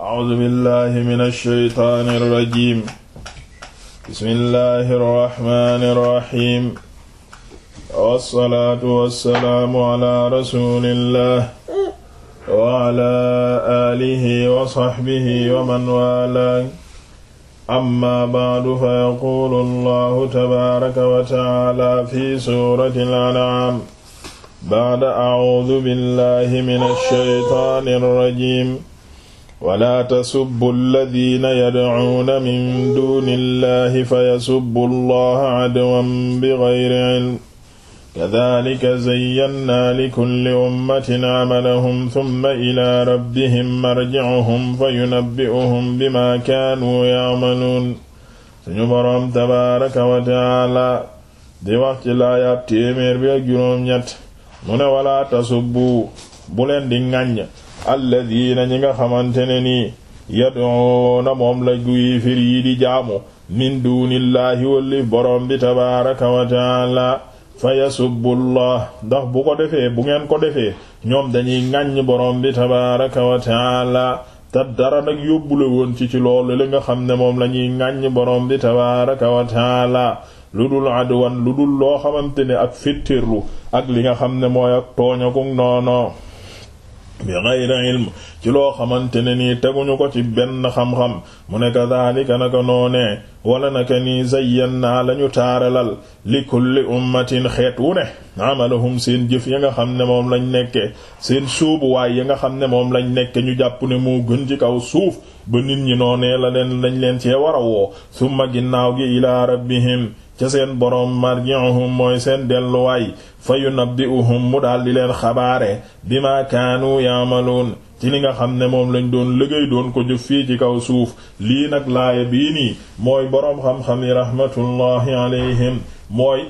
A'uuzu billaahi mina shaytaani rajiim. Bismillaahi rahmaani rahiim. Wassalaatu wassalaamu alaa rasuulillaah wa alaa aalihi wa sahbihi wa man waalaah. Ammaa ba'du fa yaquulu Allaahu tabaaraka wa ta'aalaa fi suuratil an'aam ba'da a'uuzu billaahi mina shaytaani rajiim. wala tasubbu alladina yadcuuna min duni illahi fayasubbu allaha cadwan bigayri cilm kadalika zayyannaa likulli ummatin camalahum summa ila rabbihim marjicuhum fayunabbi'uhum bima kaanuu yacmaluun suñu boroom tabaaraka wa tacaala di wax ci laayaab téeméer bi ak juróom ñett mu ne wala tasubbu bu leen di ŋàññ alladina ñi nga xamante ne nii yad'una moom la guyi fir yi di jaamu min dunillahi wallif borom bi tabaraka wa taala fa yasubbullah ndax bu ko defee bu ngeen ko defee ñoom dañuy ŋàññ borom bi tabaraka wa te dara nag yóbbule woon ci ci loolu li nga xam ne moom la ñuy ŋàññ borom bi tabaraka wa taala lu dul adwan lu dul loo xamante ne ak fittirlu ak li nga xam ne mooy ak tooñakuk noonoo bi ghayri ilm ci loo xamante ne nii teguñu ko ci benn xam-xam mu ne kadhalika naka noonee wala naka nii zayyannaa lañu taaralal li kulli ummatin xeet wu ne amalahum seen jëf ya nga xam ne moom lañ nekke seen suubuwaay ya nga xam ne moom lañ nekke ñu jàpp ne moo gën ci kaw suuf ba nit ñi noonee la leen lañ leen cee war a woo summa ginnaaw gi ilaa rabbihim ca seen boroom marji'uhum mooy seen delluwaay fa yunabbi'uhum mu daal leen xabaare bima kaanu ya'maluun ci li nga xam ne moom lañ doon liggéey doon ko jëf fii ci kaw suuf lii nag laaya bii nii mooy boroom xam-xam yi rahmatullahi mooy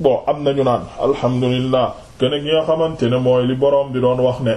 bon am nañu naan alhamdulillah kene gi nga xamante ne mooy li boroom bi doon wax ne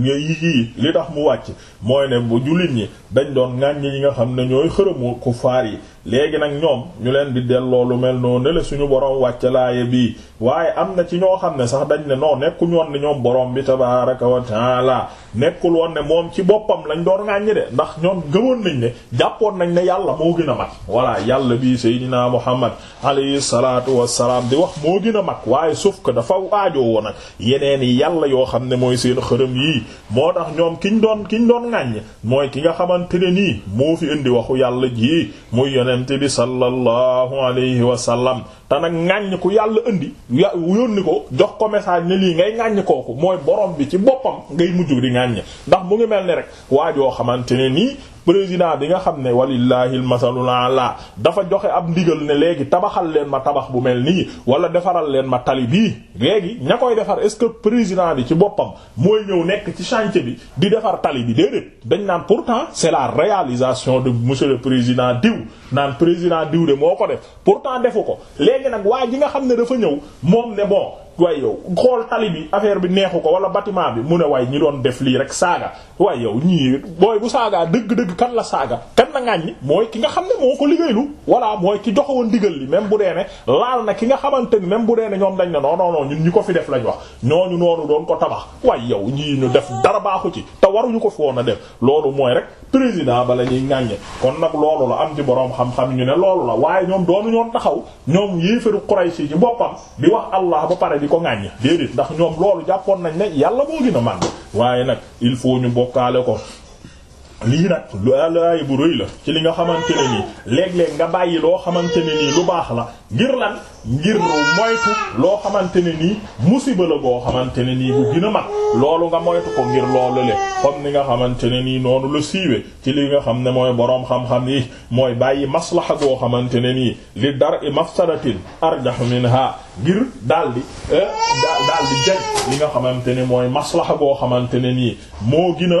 nga yii li tax mu wàcc mooy ne bu jullit ñi dañ doon ŋàññi ñi nga xam ne ñooy xërëmu ku yi léegi nag ñoom ñu leen di delloo lu mel noo ne suñu borom wàcce laaya bii waaye am na ci ñoo xam ne sax dañ ne noo nekkuñu woon ne ñoom boroom bi tabaaraka wa taala nekkul woon ne moom ci boppam lañ doon ŋàññi de ndax ñoom gëmoon nañ ne jàppoon nañ ne yàlla moo gën a mag voilà yàlla bii Seydina Muhammad alayhi salaatu wassalaam di wax moo gën a mag waaye suuf que dafa aajoo woon nag yeneen i yàlla yoo xam ne mooy seen xërëm yii moo tax ñoom kiñ doon kiñ doon ŋàññ mooy ki nga xamante ne nii moo fi waxu yàlla ji muy yonente bi sallallahu alayhi wa sallam te nag ŋàññ ku yàlla ëndi ya yónni ko jox ko message ne lii ngay ŋàññ kooku mooy borom bi ci boppam ngay mujj di ŋàññ ndax mu ngi mel ni rek waa joo xamante ne nii président bi nga xam ne walillahi almasalul ala dafa joxe ab ndigal ne léegi tabaxal leen ma tabax bu mel nii wala defaral leen ma tali bii léegi ña koy defar est-ce que président bi ci boppam mooy ñëw nekk ci chantier bi di defar tali bi déedéet dañ naan pourtant c'est la réalisation de monsieur président diw naan président diw de moo ko def pourtant defu ko léegi nag waa ji nga xam ne dafa ñëw moom ne bon waaye yow xool tali bi affaire bi neexu ko wala bâtiment bi mu ne waaye ñi doon def lii rek saaga waaye yow ñii booy bu saagaa ki nga xam ne moo ko liggéeylu voilà mooy ki joxewoon digal li même bu dee ne laal na ki nga xamante ni même bu dee ñoom dañ ne non non non ñun ñi ko fi def lañ wax ko tabax waaye yow ñii ñu def dara baaxu ci te waruñu ko fi woon a def loolu mooy rek président ba la ñuy ŋàññe kon nag loolu la am ci boroom xam-xam ñu ne loolu la waaye ñoom doonu ñoon taxaw ñoom yéefaru Quraysh ci boppam di wax Allah ba pare ko ŋàññ déedéet ndax ñoom loolu jàppoon nañ ne yàlla boo gën a màgg waaye nag il faut ñu bokkaale ko lii nag lu laay bu rëy la ci li nga xamante ne nii léeg-léeg nga bàyyi loo xamante ne nii lu baax la ngir lan ngir moytu loo xamante ne nii musiba la boo xamante ne nii bu gën a mag loolu nga moytu ko ngir loolu le comme ni nga xamante ne nii noonu la siiwe ci li nga xam ne mooy boroom xam-xam yi mooy bàyyi maslaha boo xamante ne nii li dar i mafsadatin arjah minha ngir daal di eh, daal di jag li nga xamante ne mooy maslaha boo xamante ne nii moo gën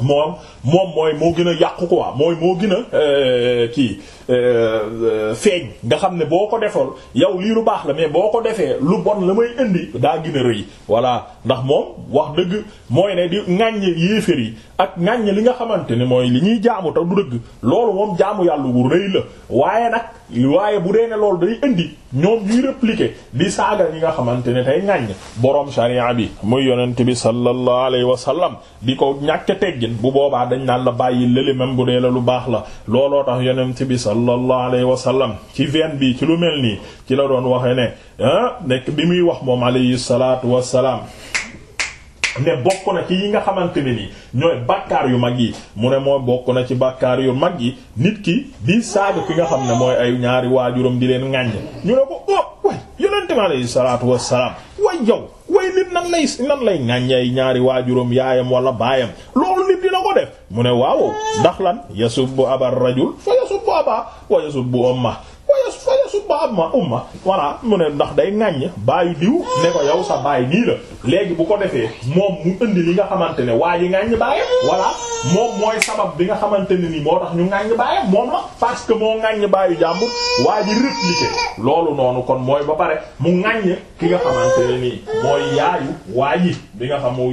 moom moom mooy moo gën a yàqu quoi mooy moo gën a euh, kii Euh, euh, feeñ nga xam ne boo ko defool yow lii lu baax la mais boo ko defee lu bon la may indi daa gën a rëy voilà ndax moom wax dëgg mooy ne di ŋàññe yéefér yi ak ŋàññe li nga xamante ne mooy li ñuy jaamu te du dëgg loolu moom jaamu yàlla bu rëy la waaye nag waaye bu dee ne loolu day indi ñoom ñuy répliquer di saaga ñi nga xamante ne tey ŋàññ borom sharia bi muy yonent bi sallallahu alayhi wa sallam di ko ñàkk teggin bu boobaa dañ naan la bàyyi lëli même bu dee la lu baax la looloo tax yonent bi sallallahu alayhi wa sallam ci veen bi ci lu mel nii ci la doon waxe ne ah, nekk bi muy wax moom alayhi salaatu wassalaam ne bokk na ci yi nga xamante ne nii ñooy bàkkaar yu mag yi mu ne moo bokk na ci bàkkaar yu mag yi nit ki di saaga ki nga xam ne mooy ay ñaari waajuram di leen ŋàññ ñu ne ko oh way yonente alayhi salaatu wassalaam way yow way nit nan lay nan lay ŋàññ ay ñaari waajuram yaayam wala baayam loolu nit dina ko def mu ne waaw ndax lan yasubbu abar abaa wa yasubbu umma wa yasubbu ma umma voilà mu ne ndax day ŋàññ baayu diw ne ko yow sa baay nii la léegi bu ko defee moom mu indi li nga xamante ne waa yi ŋàññ baayam voilà moom mooy bi nga xamante ne nii moom la parce que moo ŋàññ baayu jàmbur waa ji répliqué loolu noonu kon mooy ba pare mu ŋàññ ki nga xamante ne nii mooy yaayu waa ji bi nga xamu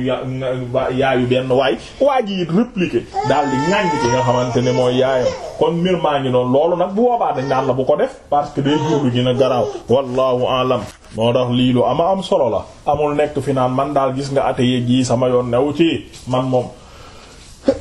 yaayu benn waay waa ji répliqué daal di ŋàññ ki nga xamante ne mooy yaayam kon mbir maa ngi noonu loolu nag bu boobaa dañ naan la bu ko def parce que day jurlu gën a garaaw wallahu alam moo tax lii lu ama am solo la amul nekk fi naan man daal gis nga ateye ji sama yoon new ci man moom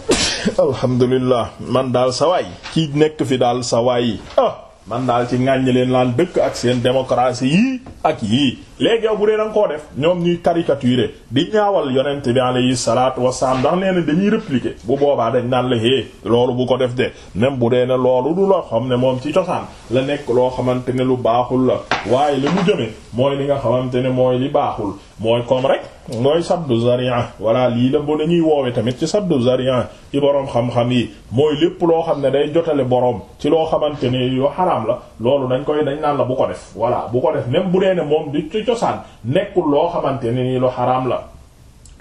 alhamdulillah man daal sawaay kii nekk fi daal sa sawaay ah man daal ci ŋàññi leen laan dëkk ak seen démocratie yi ak yii léegi yow bu dee da nga koo def ñoom ñuy caricaturer di ñaawal yonent bi alayhi salaatu wasalaam ndax nee na dañuy répliquer bu boobaa dañ naan la hé loolu bu ko def de même bu dee ne loolu du loo xam ne moom ci cosaan la nekk loo xamante ne lu baaxul la waaye li mu jëmee mooy li nga xamante ne mooy li baaxul mooy comme rek mooy sabdu zaria walaa lii la bo ñuy woowe tamit ci sabdu zaria ci boroom xam-xam yi mooy lépp loo xam ne day jotale boroom ci loo xamante ne yoo la loolu dañ ko def ko def cosaan nekkul loo xamante ne nii lu xaraam la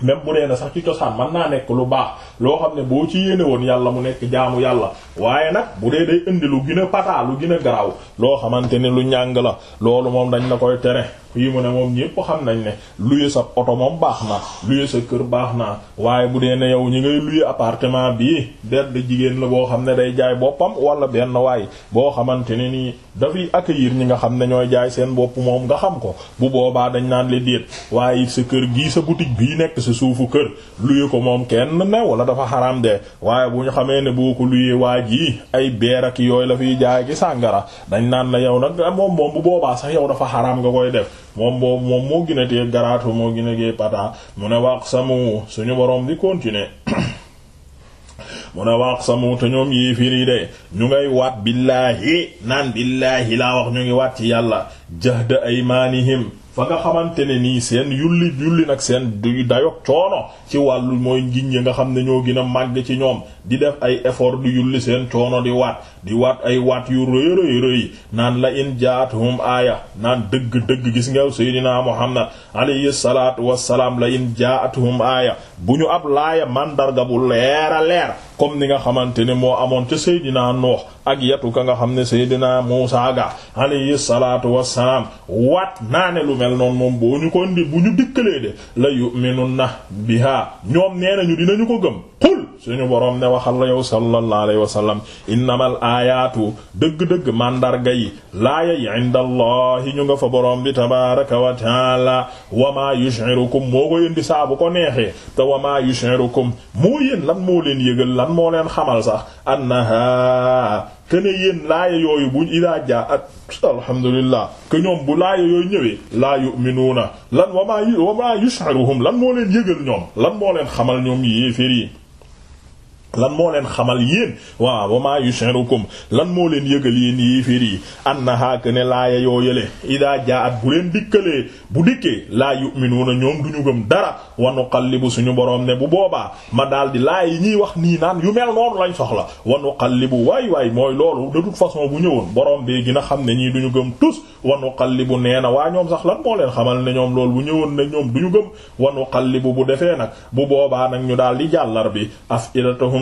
même bu dee na sax ci cosaan mën naa nekk lu baax loo xam ne boo ci yéene woon yàlla mu nekk jaamu yàlla waaye nag bu dee day indi lu gën a pataa lu gën a garaaw loo xamante ne lu ñàng la loolu moom dañ la koy tere fii mu ne moom ñépp xam nañ ne luye sa oto moom baax na luye sa kër baax naa waaye bu dee ne yow ñi ngay luye appartement bii benn jigéen la boo xam ne day jaay boppam wala benn waay boo xamante ne nii dafay accueillir ñi nga xam ne ñooy jaay seen bopp moom nga xam ko bu boobaa dañ naan le waaye sa kër gii sa boutique bii nekk sa suufu kër luye ko moom kenn ne wala dafa xaram de waaye bu ñu xamee ne boo ko luye waa ji ay beer ak yooyu la fiy jaay ki sàngara dañ naan la yow nag moom moom bu boobaa sax yow dafa xaram nga koy def moom boobu moom moo gën a tee garaatu moo gën a gee pata mu ne wax samu suñu boroom di continue mu ne wax samu te ñoom yii firi de ñu ngay waat billaahi naan billaahi laa wax ñu ngi waat ci yàlla jahda aymanihim fa nga xamante ne nii seen yulli yulli nag seen du dayok coono ci wàllu mooy ngiñ ya nga xam ne ñoo gën a màgg ci ñoom di def ay effort di yulli seen coono di waat di waat ay waat yu rëy rëy rëy naan la in jaathum aaya naan dëgg-dëgg gis nga seydinaa Muhammad alayhi salaatu wassalaam la in jaathum aaya bu ñu ab laaya màndarga bu leer a leer comme ni nga xamante ne moo amoon ca seydinaa noox ak yatu ka nga xam ne Seydina Muusaa ga alayhi salaatu wassalaam waat naa ne lu mel noonu moom boo ñu ko indi bu ñu dikkalee de la yu'minunna biha ñoom nee nañu dinañu ko gëm qul suñu boroom ne waxal la yow sallallahu alayhi wa sallam innamal aayaatu dëgg-dëgg mandarga yi laaya yi indallahi ñu nga fa borom bi tabaraka wa taala wa maa yushirukum moo ko yëndi ko neexee te wa maa yushirukum moo yéen lan moo leen yëgal lan moo leen xamal sax annaha te ne yéen laaya yooyu buñ idaa jaa alhamdulillah que ñoom bu laaya yooyu ñëwee laa yu'minuuna lan wa maa wa lan moo leen yëgal lan moo xamal ñoom yéefér lan moo leen xamal yéen waaw wa maa yushirukum lan moo leen yëgal yéen yi fiir yi annaha ne laaya yoo yële idaa jaat bu leen dikkalee bu dikkee laa na ñoom duñu gëm dara wa nuqallibu suñu boroom ne bu boobaa ma daal di laaya yi ñuy wax nii naan yu mel noonu lañ soxla wa nuqallibu waay waay mooy loolu de façon bu ñëwoon boroom bi gën a xam ne ñii duñu gëm tus wa nuqallibu nee na waa ñoom sax lan moo leen xamal ne ñoom lool bu ñëwoon ne ñoom duñu gëm wa nuqallibu bu defee nag bu boobaa nag ñu daal di jàllar bi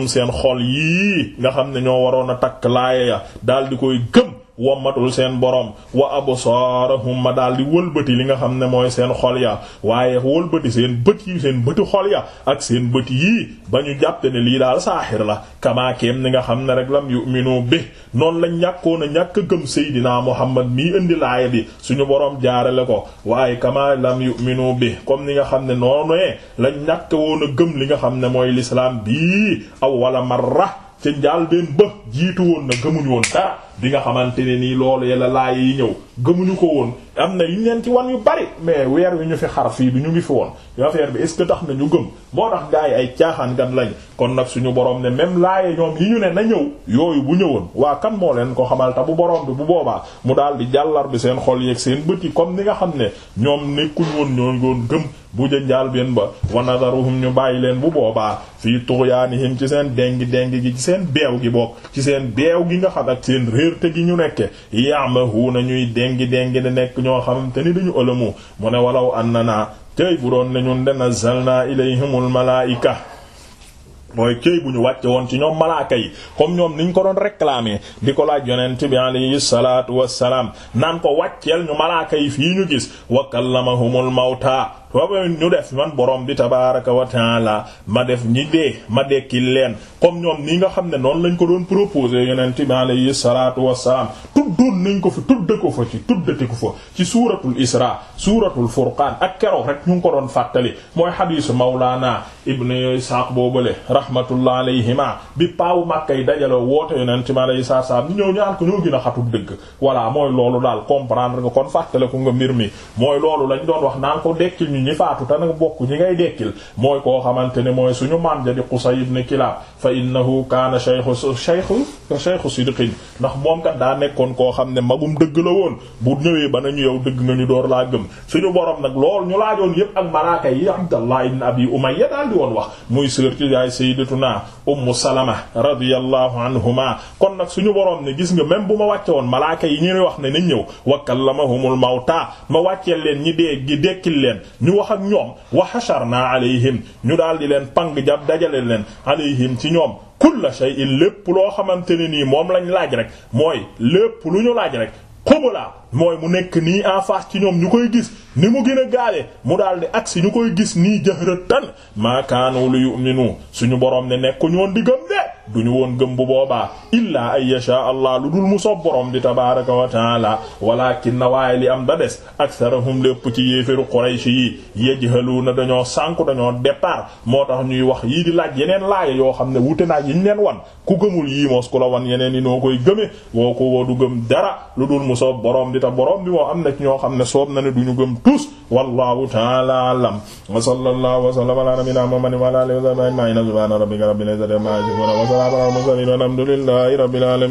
ñoom seen xol yii nga xam ne ñoo waroon a takk laaya ya daal di koy gëm wommatul seen borom wa absaarahum ma daal di wëlbati li nga xam ne mooy seen xol ya waaye wëlbati seen bët yi seen bëti xol ya ak seen bët yii ba ñu jàpp ne lii daal saaxir la kamaakeem ni nga xam ne rek lam yu yu'minu bi noonu lañ ñàkkoon a ñàkk a gëm Seydina Muhammad mii indi laaya bi suñu boroom jaarale ko waaye kamaa lam yu'minu bi comme ni nga xam ne noonu lañ ñàkk woon gëm li nga xam ne mooy lislaam bii aw wala marra ca njaal den ba jiitu woon na gëmuñu woon dara bi nga xamante ne nii loolu yàlla laay yi ñëw gëmuñu ko woon am na yuñ leen ci wan yu bari mais weer wi ñu fi xar fii bi ñu ngi fi woon affaire bi est ce que tax na ñu gëm boo tax gars yi ay caaxaan gan lañ kon nag suñu borom ne même laaye ñoom yi ñu ne na ñëw yooyu bu ñëwoon waa kan moo leen ko xamal bu boroom bi bu boobaa mu daal di jàllar bi seen xol yeeg seen bët yi comme ni nga xam ne ñoom nekkuñ woon ñoo woon gëm bu jënjaal benn ba wa nadaruhum ñu bàyyi leen bu boobaa fii tuxyaanihim ci seen dengi dengi gi ci seen beew gi bokk ci seen beew gi nga xam ak seen réerte gi ñu nekke ya'mahuuna ñuy dengi dengi di nekk ñoo xamante ni dañu ëlëmu mu ne walaw annanaa tey bu doon ne ñun de nazzalnaa ilayhimul malaa'ika mooy këy bu ñu wàcce woon ci ñoom malaaka yi comme ñoom niñ ko doon réclamer di ko laaj yonent bi alayhi salaatu wassalaam naan ko wàcceel ñu malaaka yi ñu gis wa kallamahumul mawtaa waaw ñu def man borom bi tabaaraka wa taala ma def ñi dee ma dekkil leen comme ñoom nii nga xam ne noonu lañ ko doon proposé yonent bi alayhi salaatu wassalaam tuddoon nañ ko fi tudde ko fa ci tuddati ko fa ci suuratul isra suuratul furqaan ak keroog rek ñu ngi ko doon fàttali mooy xadiisu mawlaana ibnu isaaq boobale rahmatullah alayhima bi paawu màkka yi dajaloo woote yonent bi alayhi salaatu wassalaam ñëw ñaan ko ñoo gën a xatul dëgg voilà mooy loolu daal comprendre nga kon fàttale ko nga mbir mi mooy loolu lañ doon wax naan ko ñun ñi faatu te nag bokk ñi ngay dekkil mooy koo xamante ne mooy suñu maam ja di Qusay ibn Kilab fa innahu kaana shaykhu shaykhu Cheikhu Sidqi ndax moom kat daa nekkoon koo xam ne magum dëgg la woon bu ñëwee ba na ñu yow dëgg nga ñu door laa gëm suñu borom nag lool ñu laajoon yëpp ak malaaka yi Abdallah ibn Abi Umayya daal di woon wax muy sœur ci yaay sayyidatuna Ummu Salama radiyallahu anhuma kon nag suñu borom ne gis nga même bu ma wàcce woon malaaka yi ñu wax ne nañ ñëw wa kallamahumul mawta ma wàccee leen ñi dee gi dekkil leen ñu wax ak ñoom wa hasharna alayhim ñu daal di leen pang jab dajale leen alayhim ci ñoom kulla shay'in lépp loo xamante ne nii moom lañ laaj rek mooy lépp lu ñu laaj rek laa mooy mu nekk nii en face ci ñoom ñu koy gis ni mu gën a gaale mu daal di agsi ñu koy gis nii jahratan ma kaanu li yu'minu suñu borom ne nekk ñoon di de du ñu woon gëm bu boobaa illaa ay yasha allah lu dul mu sob borom di tabaraka wa taala walakin na waaye li am da des aktharahum lépp ci yéeféru Quraysh yi yajhaluuna dañoo sànku dañoo départ moo tax ñuy wax yii di laaj yeneen laaya yoo xam ne wute naaj yiñ leen wan ku gëmul yii moos ku la wan yeneen yi noo koy gëme woo ko woo du gëm dara lu dul mu soob borom di ta borom bi moo am na ci ñoo xam ne soob na ne du gëm tous wallahu taala alam wa sallallahu wa sallama ala taala alhamdulillahi rabbil alamin